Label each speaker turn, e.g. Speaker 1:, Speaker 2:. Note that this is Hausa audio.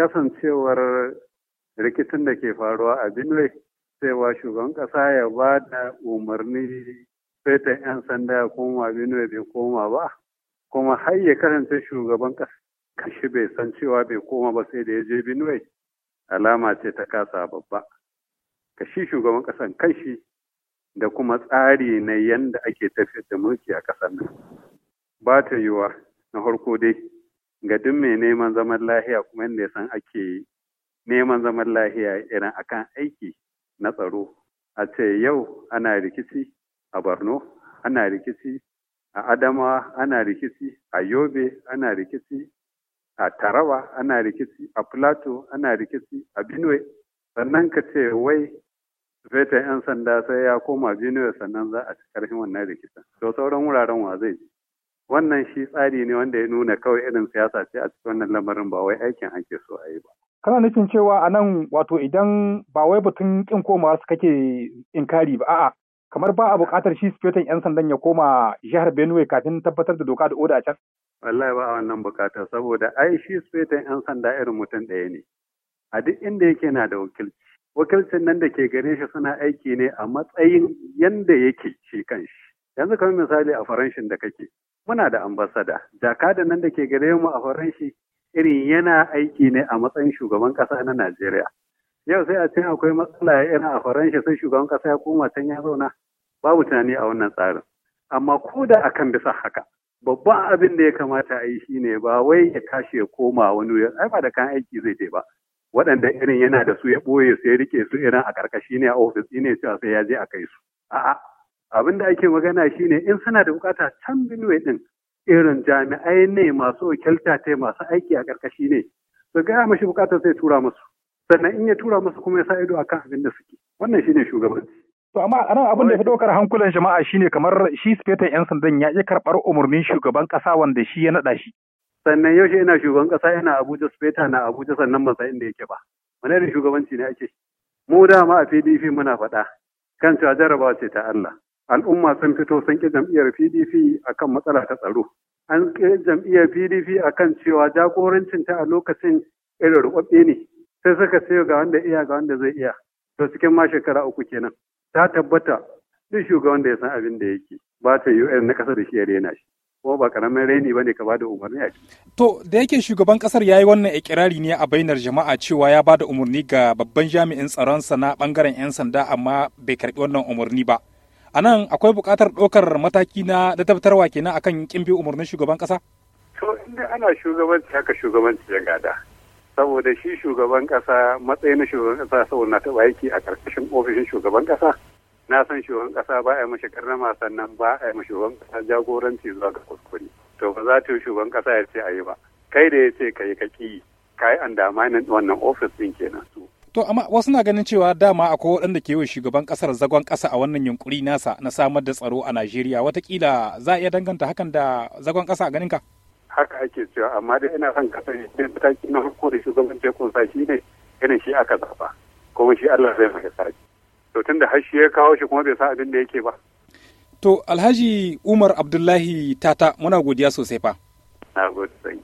Speaker 1: kasancewar rikicin da ke faruwa a Benue cewa shugaban ƙasa ya ba da umarni fetan 'yan sanda ya koma Benue bai koma ba, kuma har ya karanta shugaban kashi bai san cewa bai koma ba sai da ya je Benue alama ce ta kasa babba. Kashi shugaban ƙasan kashi da kuma tsari na yanda ake tafiyar da mulki a kasar nan. Ba ta yiwuwa na farko dai ga duk mai neman zaman lahiya kuma inda ya san ake neman zaman lahiya irin akan aiki na tsaro a ce yau ana rikici a borno ana rikici a adamawa ana rikici a yobe ana rikici a tarawa ana rikici a plateau ana rikici a benue sannan ka ce wai fetan 'yan sanda sai ya koma benue sannan za a ci karfin wannan rikicin to sauran wuraren wa zai ji wannan shi tsari ne wanda ya nuna kawai irin siyasa ce a cikin wannan lamarin ba wai aikin ake so a yi ba.
Speaker 2: Kana nufin cewa a nan wato idan ba wai batun ƙin komawa su kake inkari ba a'a kamar ba a buƙatar shi sufetan 'yan sandan ya koma jihar Benue kafin tabbatar da doka da oda a can?
Speaker 1: Wallahi ba a wannan buƙatar saboda ai shi sufetan 'yan sanda irin mutum ɗaya ne. A duk inda yake na da wakilci. Wakilcin nan da ke gare shi suna aiki ne a matsayin yanda yake shi kanshi. yanzu kamar misali a faranshin da kake muna da ambasada da nan da ke gare mu a faranshi irin yana aiki ne a matsayin shugaban kasa na najeriya yau sai a ce akwai matsala irin a faranshi sai shugaban kasa ya koma can ya zauna babu tunani a wannan tsarin amma ko da akan bisa haka babban abin da ya kamata a yi shine ba wai ya kashe ya koma wani wuri ai ba da kan aiki zai je ba waɗanda irin yana da su ya ɓoye su ya rike su irin a ƙarƙashi ne a ofis ne cewa sai ya je a kai su a'a abin da ake magana shine in suna da bukata can binuwe din irin jami'ai ne masu wakilta ta masu aiki a karkashi ne su gaya mashi bukatar sai tura musu sannan in ya tura musu kuma ya sa ido akan abin da suke wannan shine
Speaker 2: shugabanci to amma anan abin da ya fi ɗaukar hankulan jama'a shine kamar shi sifetan yan sandan ya ƙi karɓar umarnin shugaban ƙasa wanda shi ya naɗa shi
Speaker 1: sannan yaushe ina shugaban ƙasa yana Abuja sifeta na Abuja sannan ban san inda yake ba wani da shugabanci ne ake mu dama a PDP muna faɗa kan cewa jarabawa ce ta Allah al'umma sun fito sun ƙi jam'iyyar pdp a kan matsala ta tsaro an ƙi jam'iyyar pdp a kan cewa jagorancin ta a lokacin irin rubabbe ne sai suka ce ga wanda iya ga wanda zai iya to cikin ma shekara uku kenan ta tabbata duk shugaban da ya san abin da yake ba ta un na ƙasa da shi ya rena shi kuma ba karamin raini bane ka ba da umarni a
Speaker 2: To da yake shugaban ƙasar ya yi wannan ikirari ne a bainar jama'a cewa ya ba da umarni ga babban jami'in tsaron sa na ɓangaren 'yan sanda amma bai karɓi wannan umarni ba. a nan akwai bukatar ɗaukar mataki na da tabbatarwa kenan akan kin bi umarnin shugaban ƙasa?
Speaker 1: to inda ana shugabanci haka shugabanci ya gada saboda shi shugaban ƙasa matsayin na shugaban kasa saboda na taɓa aiki a ƙarƙashin ofishin shugaban kasa na san shugaban ƙasa ba a yi mashi karnama sannan ba a yi mashi shugaban ƙasa jagoranci zuwa ga kuskure to ba za ta yi shugaban ƙasa ya ce a yi ba kai da ya ce ka yi ka ƙi ka yi wannan ofis ɗin kenan
Speaker 2: To amma wasu na ganin cewa dama akwai waɗanda ke yi shugaban ƙasar zagon ƙasa a wannan yunkuri nasa na samar da tsaro a Najeriya watakila za a iya danganta hakan da zagon ƙasa a ganinka?
Speaker 1: Haka ake cewa amma dai ina son ƙasar ne mataki na farko da shugaban tekun sa shi ne irin shi aka zaɓa kuma shi Allah zai mai sashi. To tunda har shi ya kawo shi kuma bai sa abin da yake ba.
Speaker 2: To Alhaji Umar Abdullahi Tata muna godiya sosai fa. Na gode.